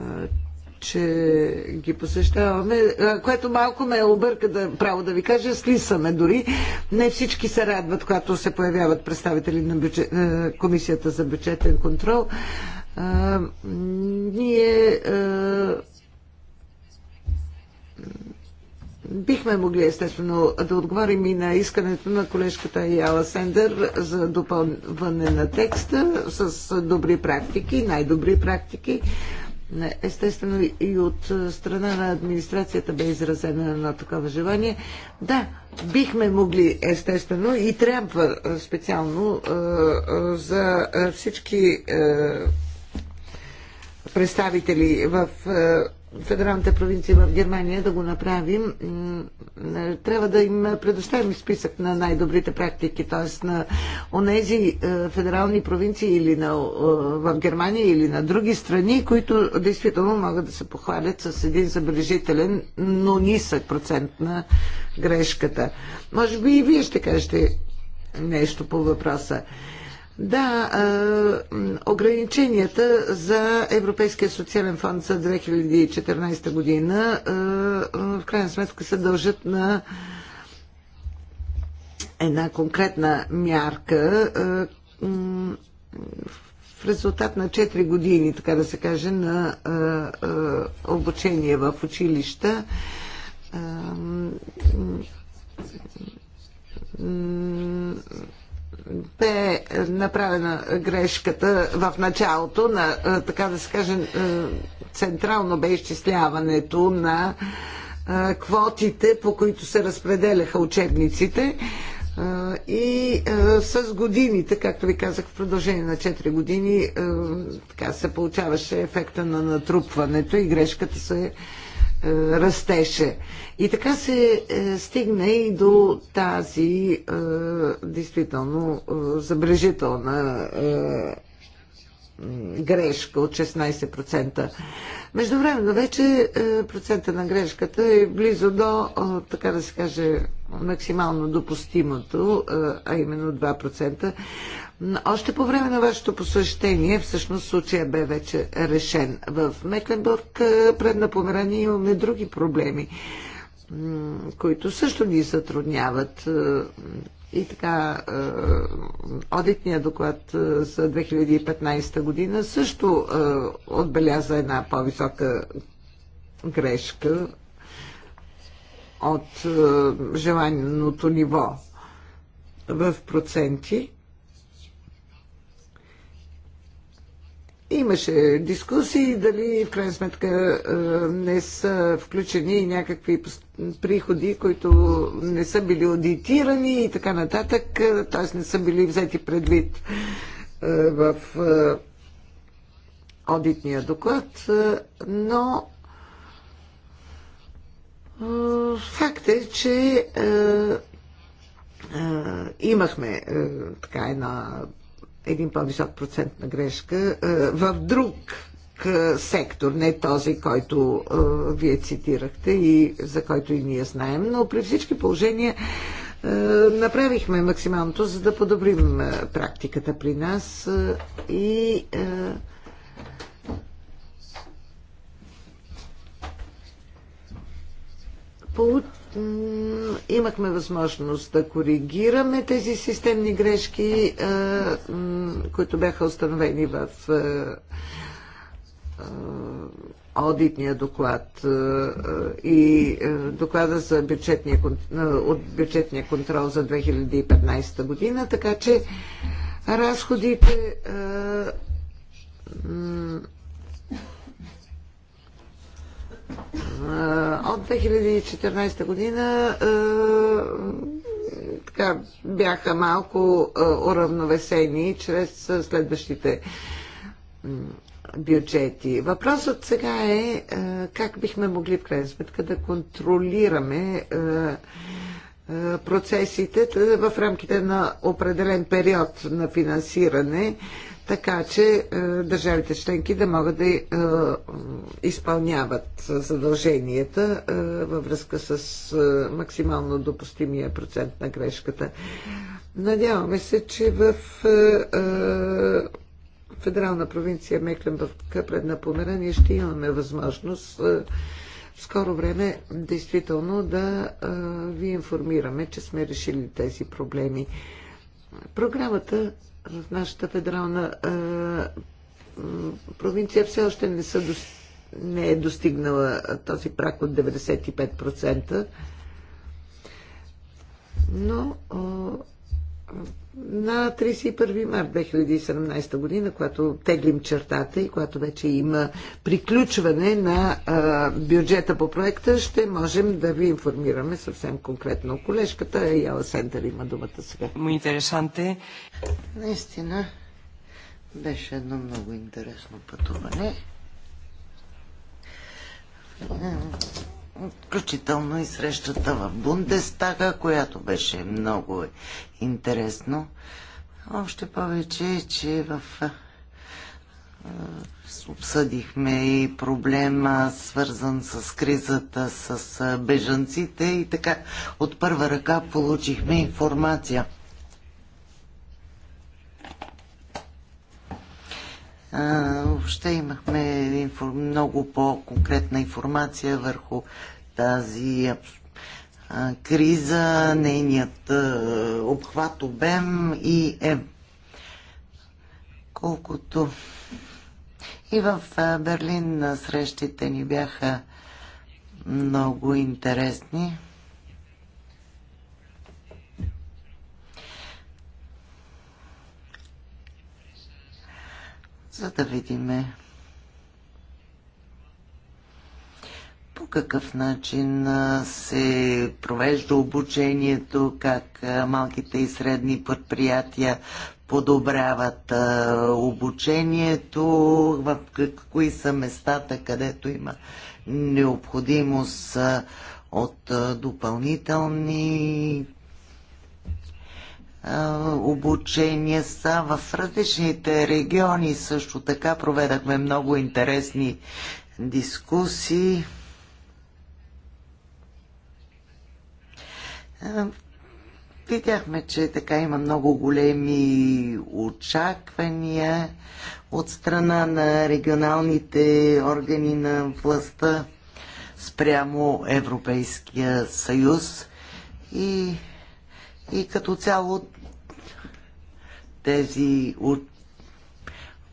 че ги посещаваме, което малко ме обърка, да, право да ви кажа, слисаме дори. Не всички се радват, когато се появяват представители на бюджет, Комисията за бюджетен контрол. А, ние а, Бихме могли, естествено, да отговорим и на искането на колежката Яла Сендер за допълване на текста с добри практики, най-добри практики. Естествено и от страна на администрацията бе изразено едно такова желание. Да, бихме могли, естествено, и трябва специално за всички представители в федералните провинции в Германия да го направим, трябва да им предоставим списък на най-добрите практики, т.е. на онези федерални провинции или на, в Германия или на други страни, които действително могат да се похвалят с един забележителен, но нисък процент на грешката. Може би и вие ще кажете нещо по въпроса. Да, ограниченията за Европейския социален фонд за 2014 година в крайна сметка се дължат на една конкретна мярка в резултат на 4 години, така да се каже, на обучение в училища бе направена грешката в началото на, така да се каже, централно бе изчисляването на квотите, по които се разпределяха учебниците. И с годините, както ви казах, в продължение на 4 години така се получаваше ефекта на натрупването и грешката се растеше. И така се стигна и до тази действително забрежителна грешка от 16%. Между време, но вече процента на грешката е близо до, така да се каже, максимално допустимото, а именно 2%. Още по време на вашето посещение, всъщност случая бе вече решен. В Мекленбург пред напомерение имаме други проблеми, които също ни затрудняват. И така, одитният доклад за 2015 година също отбеляза една по-висока грешка от желаното ниво в проценти – Имаше дискусии дали в крайна сметка не са включени някакви приходи, които не са били аудитирани и така нататък, т.е. не са били взети предвид в аудитния доклад, но факт е, че имахме така една един по-висок процент на грешка в друг сектор, не този, който вие цитирахте и за който и ние знаем, но при всички положения направихме максималното, за да подобрим практиката при нас и получим имахме възможност да коригираме тези системни грешки, които бяха установени в аудитния доклад и доклада за бюджетния, от бюджетния контрол за 2015 година, така че разходите От 2014 година така, бяха малко уравновесени чрез следващите бюджети. Въпросът сега е как бихме могли в крайна сметка да контролираме процесите в рамките на определен период на финансиране така че държавите членки да могат да изпълняват задълженията във връзка с максимално допустимия процент на грешката. Надяваме се, че в федерална провинция Мекленбърг пред Напомера ние ще имаме възможност в скоро време действително да ви информираме, че сме решили тези проблеми. Програмата нашата федерална а, провинция все още не, са, не е достигнала този прак от 95%. Но а, на 31 март 2017 година, когато теглим чертата и когато вече има приключване на а, бюджета по проекта, ще можем да ви информираме съвсем конкретно. Колежката Яла Сентър има думата сега. Му интересанте. Наистина беше едно много интересно пътуване включително и срещата в Бундестага, която беше много интересно. Още повече, че в обсъдихме и проблема свързан с кризата с бежанците и така от първа ръка получихме информация. Въобще имахме много по-конкретна информация върху тази криза, нейният обхват, обем и е колкото и в Берлин срещите ни бяха много интересни. за да видиме по какъв начин се провежда обучението, как малките и средни предприятия подобряват обучението, в кои са местата, където има необходимост от допълнителни обучение са в различните региони. Също така проведахме много интересни дискусии. Видяхме, че така има много големи очаквания от страна на регионалните органи на властта спрямо Европейския съюз и, и като цяло от тези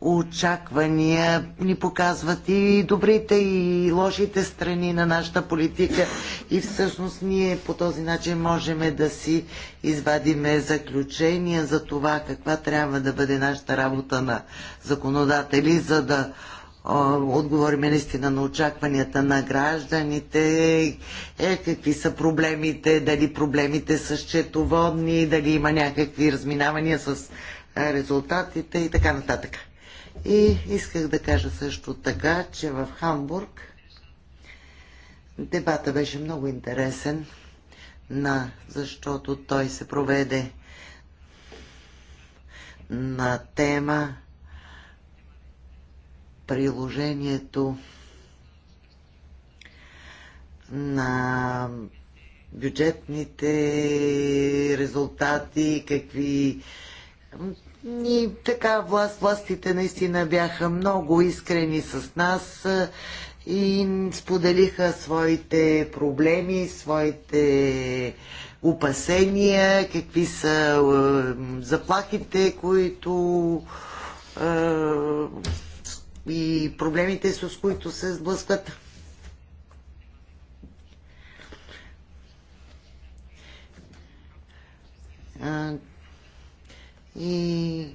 очаквания ни показват и добрите и лошите страни на нашата политика и всъщност ние по този начин можем да си извадиме заключения за това каква трябва да бъде нашата работа на законодатели, за да отговорим наистина на очакванията на гражданите, е, какви са проблемите, дали проблемите са счетоводни, дали има някакви разминавания с резултатите и така нататък. И исках да кажа също така, че в Хамбург дебата беше много интересен, на, защото той се проведе на тема приложението на бюджетните резултати, какви И така власт, властите наистина бяха много искрени с нас и споделиха своите проблеми, своите опасения, какви са е, заплахите, които е, и проблемите, с които се сблъскват. Е, И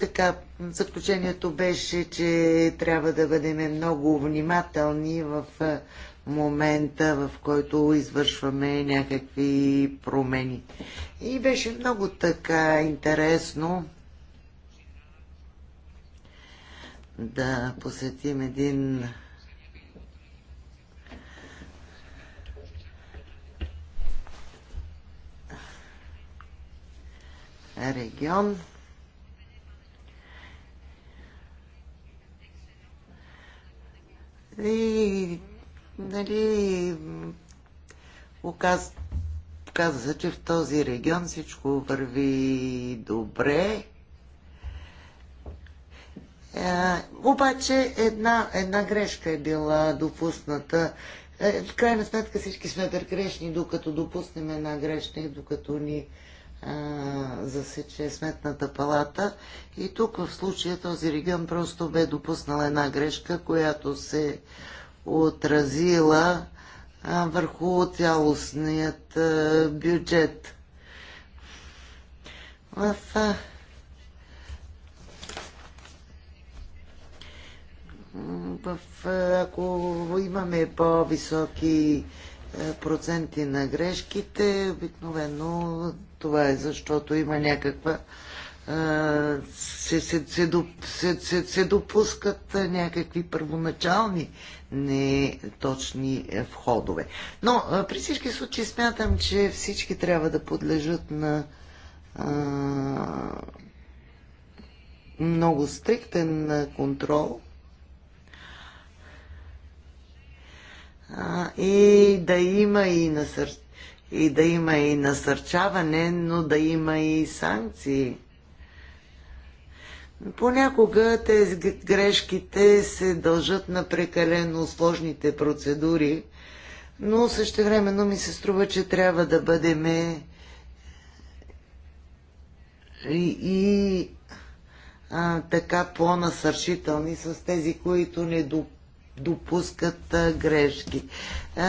така, заключението беше, че трябва да бъдем много внимателни в момента, в който извършваме някакви промени. И беше много така интересно да посетим един регион. И нали, оказа, оказа се, че в този регион всичко върви добре. Е, обаче една, една грешка е била допусната. в крайна сметка всички сме грешни, докато допуснем една грешка и докато ни засече сметната палата. И тук в случая този регион просто бе допуснал една грешка, която се отразила върху цялостният бюджет. В в, ако имаме по-високи проценти на грешките, обикновено това е защото има някаква се, се, се, се, се, се допускат някакви първоначални неточни входове. Но при всички случаи смятам, че всички трябва да подлежат на а, много стриктен контрол а, и да има и насър и да има и насърчаване, но да има и санкции. Понякога тези грешките се дължат на прекалено сложните процедури, но също същевременно ми се струва, че трябва да бъдем и, и а, така по-насърчителни с тези, които не, допускат допускат грешки.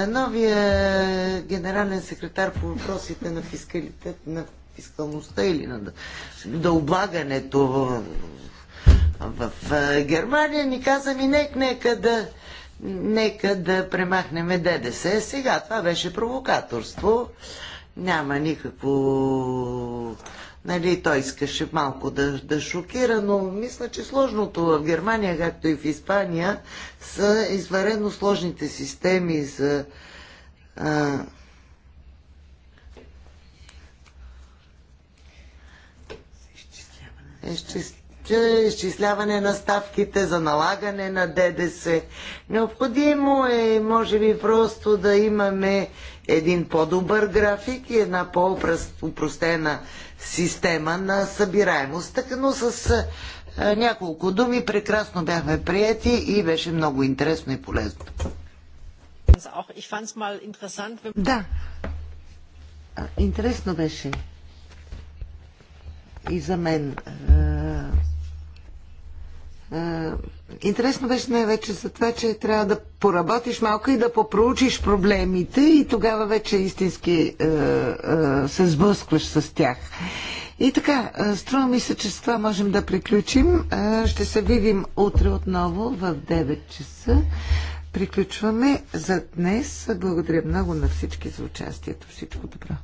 Новия генерален секретар по въпросите на фискалитет, на фискалността или на, дълбагането в, в, Германия ни каза ми нек, нека да нека да премахнеме ДДС. Сега това беше провокаторство. Няма никакво Нали, той искаше малко да, да шокира, но мисля, че сложното в Германия, както и в Испания, са изварено сложните системи за а, изчисляване. Изчис изчисляване на ставките, за налагане на ДДС. Необходимо е, може би, просто да имаме един по-добър график и една по-упростена система на събираемост. Така, но с а, няколко думи прекрасно бяхме приети и беше много интересно и полезно. Да, интересно беше и за мен интересно беше най-вече за това, че трябва да поработиш малко и да попроучиш проблемите и тогава вече истински е, е, се сблъскваш с тях. И така, струва ми се, че с това можем да приключим. Ще се видим утре отново в 9 часа. Приключваме за днес. Благодаря много на всички за участието. Всичко добро.